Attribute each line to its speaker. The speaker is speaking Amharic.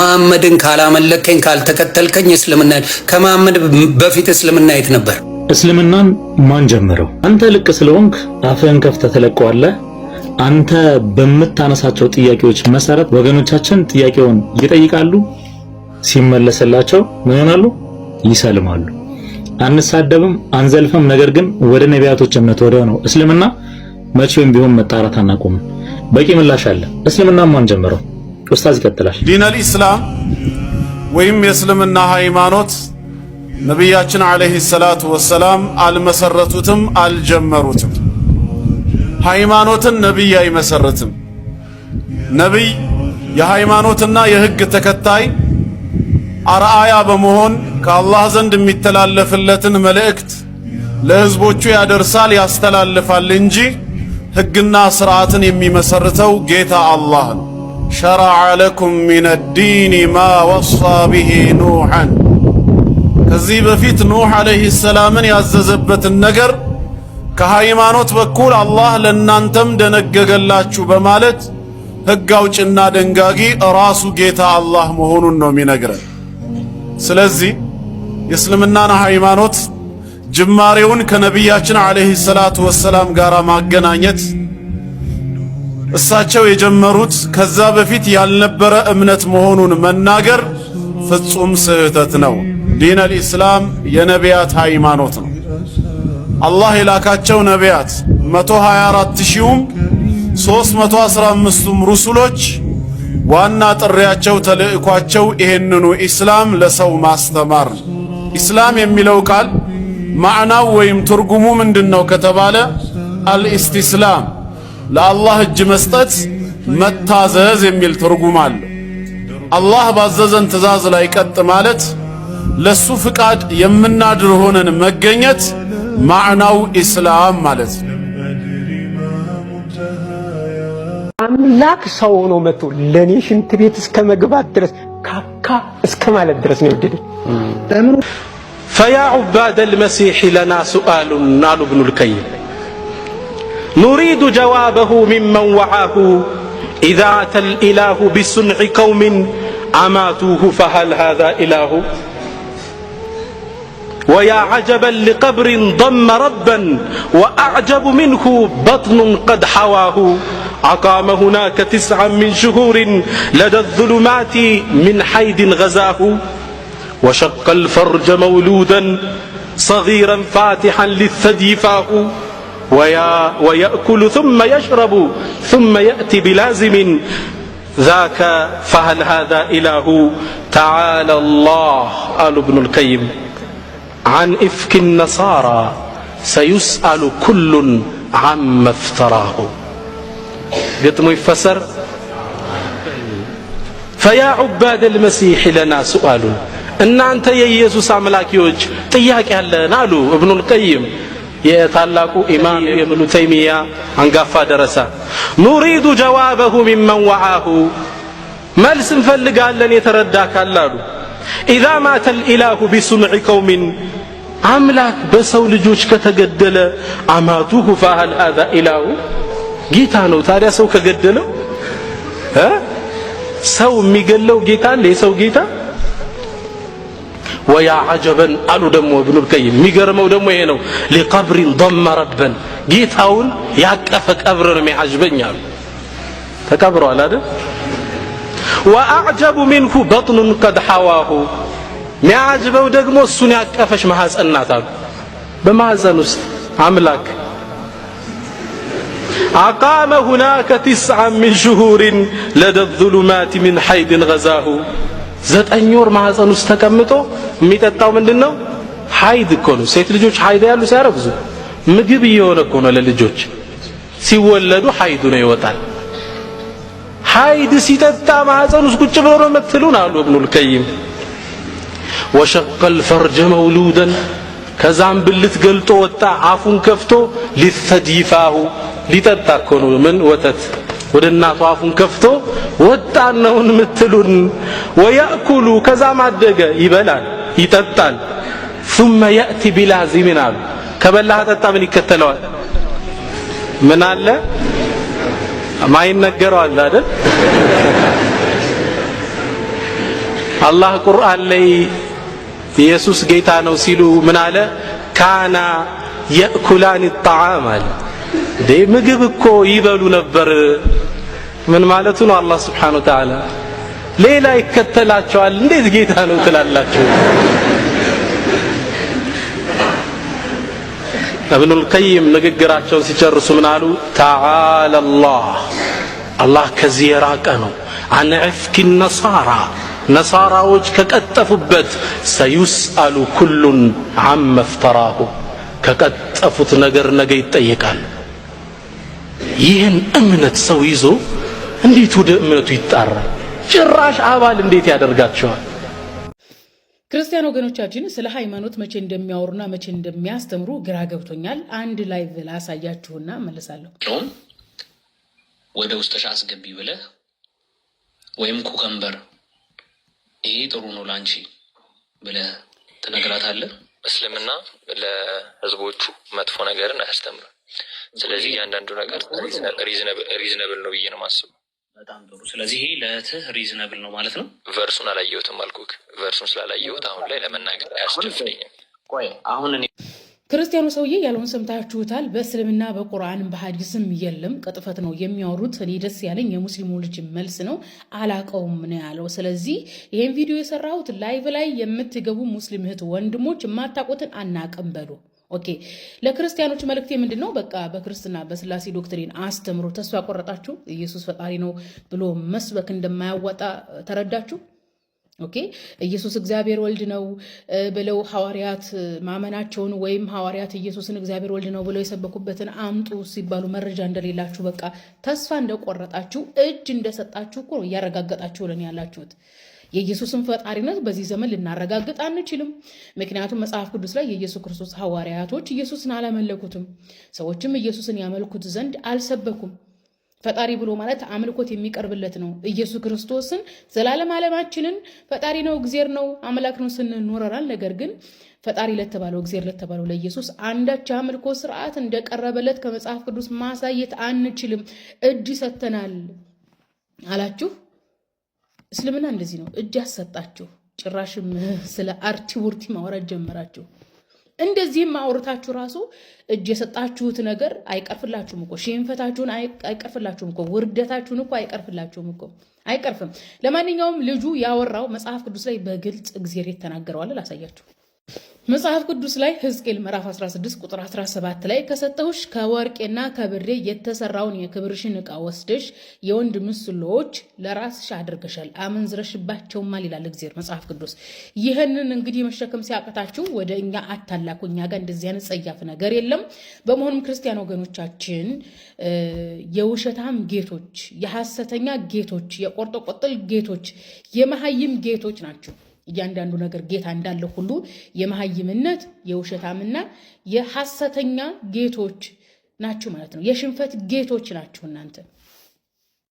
Speaker 1: መሐመድን ካላመለከኝ ካልተከተልከኝ እስልምና ከመሐመድ በፊት እስልምና የት ነበር?
Speaker 2: እስልምናን ማን ጀመረው? አንተ ልቅ ስለሆንክ አፍህን ከፍተህ ተለቀዋለህ። አንተ በምታነሳቸው ጥያቄዎች መሰረት ወገኖቻችን ጥያቄውን ይጠይቃሉ። ሲመለስላቸው ምን ይሆናሉ? ይሰልማሉ። አንሳደብም፣ አንዘልፍም። ነገር ግን ወደ ነቢያቶች እምነት ወደ ነው እስልምና መቼም ቢሆን መጣራት አናቆምም። በቂ ምላሽ አለ። እስልምና ማን ጀመረው? ኡስታዝ ይቀጥላል።
Speaker 3: ዲነል ኢስላም ወይም የእስልምና ሃይማኖት ነቢያችን አለይሂ ሰላቱ ወሰላም አልመሰረቱትም፣ አልጀመሩትም። ሃይማኖትን ነቢይ አይመሰርትም። ነቢይ የሃይማኖትና የህግ ተከታይ አርአያ በመሆን ከአላህ ዘንድ የሚተላለፍለትን መልእክት ለህዝቦቹ ያደርሳል፣ ያስተላልፋል እንጂ ህግና ስርዓትን የሚመሰርተው ጌታ አላህ ነው። ሸረዐ ለኩም ሚነ ዲኒ ማ ወሳ ብሂ ኑሐን ከዚህ በፊት ኑሕ ዓለይህ ሰላምን ያዘዘበትን ነገር ከሃይማኖት በኩል አላህ ለእናንተም ደነገገላችሁ በማለት ሕግ አውጭና ደንጋጊ ራሱ ጌታ አላህ መሆኑን ነው የሚነግረን። ስለዚህ የእስልምናን ሃይማኖት ጅማሬውን ከነቢያችን ዓለይህ ሰላቱ ወሰላም ጋር ማገናኘት እሳቸው የጀመሩት ከዛ በፊት ያልነበረ እምነት መሆኑን መናገር ፍጹም ስህተት ነው። ዲን አልኢስላም የነቢያት ሃይማኖት ነው። አላህ የላካቸው ነቢያት 124 ሺውም 315ቱም ሩሱሎች ዋና ጥሪያቸው ተልእኳቸው ይሄንኑ ኢስላም ለሰው ማስተማር ነው። ኢስላም የሚለው ቃል ማዕናው ወይም ትርጉሙ ምንድነው ከተባለ አልኢስቲስላም ለአላህ እጅ መስጠት መታዘዝ የሚል ትርጉም አለው። አላህ ባዘዘን ትእዛዝ ላይ ቀጥ ማለት ለሱ ፍቃድ የምናድር ሆነን መገኘት ማዕናው ኢስላም ማለት ነው።
Speaker 4: አምላክ ሰው ሆኖ መጥቶ ለኔ ሽንት ቤት እስከ መግባት ድረስ ካካ እስከ ማለት ድረስ ነው የወደደኝ።
Speaker 5: ፈያ ዑባደል መሲሕ ለና ሱአሉን አሉ ብኑል ከይም نريد جوابه ممن وعاه إذا أتى الإله بصنع قوم أماتوه فهل هذا إله ويا عجبا لقبر ضم ربا وأعجب منه بطن قد حواه أقام هناك تسعا من شهور لدى الظلمات من حيد غزاه وشق الفرج مولودا صغيرا فاتحا للثدي فاه ويا ويأكل ثم يشرب ثم يأتي بلازم ذاك فهل هذا إله تعالى الله قال ابن القيم عن إفك النصارى سيسأل كل عما افتراه يتم يفسر فيا عباد المسيح لنا سؤال إن أنت እናንተ የኢየሱስ አምላኪዎች ጥያቄ ያለን ابن القيم የታላቁ ኢማም ኢብኑ ተይሚያ አንጋፋ ደረሳ ኑሪዱ ጀዋበሁ ሚመን ወዓሁ መልስ እንፈልጋለን የተረዳ ካላሉ ኢዛ ማተ ልኢላሁ ቢሱኑዒ ቀውሚን አምላክ በሰው ልጆች ከተገደለ አማቱሁ ፈሃል አዛ ኢላሁ ጌታ ነው ታዲያ ሰው ከገደለው ሰው የሚገለው ጌታ አለ የሰው ጌታ ወያ አጀበን አሉ ደግሞ ኢብኑል ቀይም የሚገርመው ደግሞ ይሄ ነው ሊቀብሪን ضم ረበን ጌታውን ያቀፈ ቀብር ነው የሚያጅበኝ አሉ ተቀብሯል አይደል ወአዕጀቡ ሚንሁ በጥኑን ቀድ ሐዋሁ ሚያጅበው ደግሞ እሱን ያቀፈች ማህፀን ናት አሉ በማህፀን ውስጥ አምላክ አቃመ ሁናከ ትስዓን ሚን ሽሁሪን ለደ ظሉማት ሚን ሐይድን ገዛሁ ዘጠኝ ወር ማህፀን ውስጥ ተቀምጦ የሚጠጣው ምንድነው? ሀይድ እኮ ነው። ሴት ልጆች ሀይድ ያሉ ሲያረግዙ ምግብ እየሆነ እኮ ነው ለልጆች ሲወለዱ ሀይዱ ነው ይወጣል። ሀይድ ሲጠጣ ማህፀን ውስጥ ቁጭ ብሎ ነው የምትሉን አሉ እብኑል ቀይም። ወሸቀል ፈርጀ መውሉደን ከዛም ብልት ገልጦ ወጣ አፉን ከፍቶ ሊተዲፋሁ ሊጠጣ እኮ ነው ምን ወተት ወደ እናቱ አፉን ከፍቶ ወጣን ነውን ምትሉን? ወያእኩሉ ከዛም አደገ ይበላል፣ ይጠጣል። ثم يأتي بلازم አሉ። ከበላህ ጠጣ ምን ይከተለዋል? ምን አለ ማይነገረው አይደል? አላህ ቁርአን ላይ ኢየሱስ ጌታ ነው ሲሉ ምን አለ? ካና የእኩላን ጣዓም አለ እንዴ ምግብ እኮ ይበሉ ነበር ምን ማለቱ ነው አላህ ስብሓን ወተዓላ ሌላ ይከተላቸዋል እንዴት ጌታ ነው ትላላችሁ እብኑ ልቀይም ንግግራቸውን ሲጨርሱ ምን አሉ ተዓላ ላህ አላህ ከዚህ የራቀ ነው አን ዕፍኪ ነሳራ ነሳራዎች ከቀጠፉበት ሰዩስአሉ ኩሉን አመ ከቀጠፉት ነገር ነገ ይጠይቃል ይህን እምነት ሰው ይዞ እንዴት ወደ እምነቱ ይጣራል? ጭራሽ አባል እንዴት ያደርጋቸዋል?
Speaker 6: ክርስቲያን ወገኖቻችን ስለ ሃይማኖት መቼ እንደሚያወሩና መቼ እንደሚያስተምሩ ግራ ገብቶኛል። አንድ ላይ ላሳያችሁና መለሳለሁ።
Speaker 7: ወደ ውስጥሽ አስገቢ ብለህ ወይም ኩከምበር ይሄ ጥሩ ነው ለአንቺ ብለህ ትነግራታለህ።
Speaker 8: እስልምና ለህዝቦቹ መጥፎ ነገርን አያስተምርም። ስለዚህ እያንዳንዱ ነገር ሪዝነብል ነው ብዬ ነው ማስበው።
Speaker 7: በጣም ጥሩ። ስለዚህ ይሄ ለእህትህ ሪዝነብል ነው ማለት ነው።
Speaker 8: ቨርሱን አላየሁትም አልኩህ። ቨርሱን ስላላየሁት አሁን ላይ ለመናገር አያስደፍረኝም። ቆይ
Speaker 6: አሁን እኔ ክርስቲያኑ ሰውዬ ያለውን ሰምታችሁታል። በእስልምና በቁርአንም በሀዲስም የለም ቅጥፈት ነው የሚያወሩት። እኔ ደስ ያለኝ የሙስሊሙ ልጅ መልስ ነው። አላቀውም ነው ያለው። ስለዚህ ይህን ቪዲዮ የሰራሁት ላይቭ ላይ የምትገቡ ሙስሊም እህት ወንድሞች የማታውቁትን አናቅም በሉ ኦኬ ለክርስቲያኖች መልክት ምንድን ነው? በቃ በክርስትና በስላሴ ዶክትሪን አስተምሮ ተስፋ ቆረጣችሁ? ኢየሱስ ፈጣሪ ነው ብሎ መስበክ እንደማያዋጣ ተረዳችሁ? ኦኬ ኢየሱስ እግዚአብሔር ወልድ ነው ብለው ሐዋርያት ማመናቸውን ወይም ሐዋርያት ኢየሱስን እግዚአብሔር ወልድ ነው ብለው የሰበኩበትን አምጡ ሲባሉ መረጃ እንደሌላችሁ በቃ ተስፋ እንደቆረጣችሁ እጅ እንደሰጣችሁ እኮ እያረጋገጣችሁ ልን ያላችሁት የኢየሱስን ፈጣሪነት በዚህ ዘመን ልናረጋግጥ አንችልም። ምክንያቱም መጽሐፍ ቅዱስ ላይ የኢየሱስ ክርስቶስ ሐዋርያቶች ኢየሱስን አላመለኩትም፣ ሰዎችም ኢየሱስን ያመልኩት ዘንድ አልሰበኩም። ፈጣሪ ብሎ ማለት አምልኮት የሚቀርብለት ነው። ኢየሱስ ክርስቶስን ዘላለም ዓለማችንን ፈጣሪ ነው፣ እግዜር ነው፣ አምላክ ነው ስንል ነገር ግን ፈጣሪ ለተባለው እግዚአብሔር ለተባለው ለኢየሱስ አንዳች አምልኮ ስርዓት እንደቀረበለት ከመጽሐፍ ቅዱስ ማሳየት አንችልም። እጅ ሰጥተናል አላችሁ እስልምና እንደዚህ ነው። እጅ አሰጣችሁ። ጭራሽም ስለ አርቲ ውርቲ ማውራት ጀመራችሁ። እንደዚህም አውርታችሁ ራሱ እጅ የሰጣችሁት ነገር አይቀርፍላችሁም እኮ ሽንፈታችሁን አይቀርፍላችሁም እኮ ውርደታችሁን እኮ አይቀርፍላችሁም እኮ አይቀርፍም። ለማንኛውም ልጁ ያወራው መጽሐፍ ቅዱስ ላይ በግልጽ እግዚአብሔር ተናግረዋል። ላሳያችሁ መጽሐፍ ቅዱስ ላይ ሕዝቅኤል ምዕራፍ 16 ቁጥር 17 ላይ ከሰጠሁሽ ከወርቄና ከብሬ የተሰራውን የክብርሽን ዕቃ ወስደሽ የወንድ ምስሎች ለራስሽ አድርገሻል፣ አመንዝረሽባቸውማል ይላል እግዚአብሔር መጽሐፍ ቅዱስ። ይህንን እንግዲህ መሸከም ሲያቀታችሁ ወደ እኛ አታላኩ፣ እኛ ጋር እንደዚህ አይነት ጸያፍ ነገር የለም። በመሆኑም ክርስቲያን ወገኖቻችን የውሸታም ጌቶች፣ የሐሰተኛ ጌቶች፣ የቆርጦቆጥል ጌቶች፣ የመሀይም ጌቶች ናቸው። እያንዳንዱ ነገር ጌታ እንዳለ ሁሉ የመሀይምነት የውሸታምና የሐሰተኛ ጌቶች ናችሁ ማለት ነው። የሽንፈት ጌቶች ናችሁ እናንተ።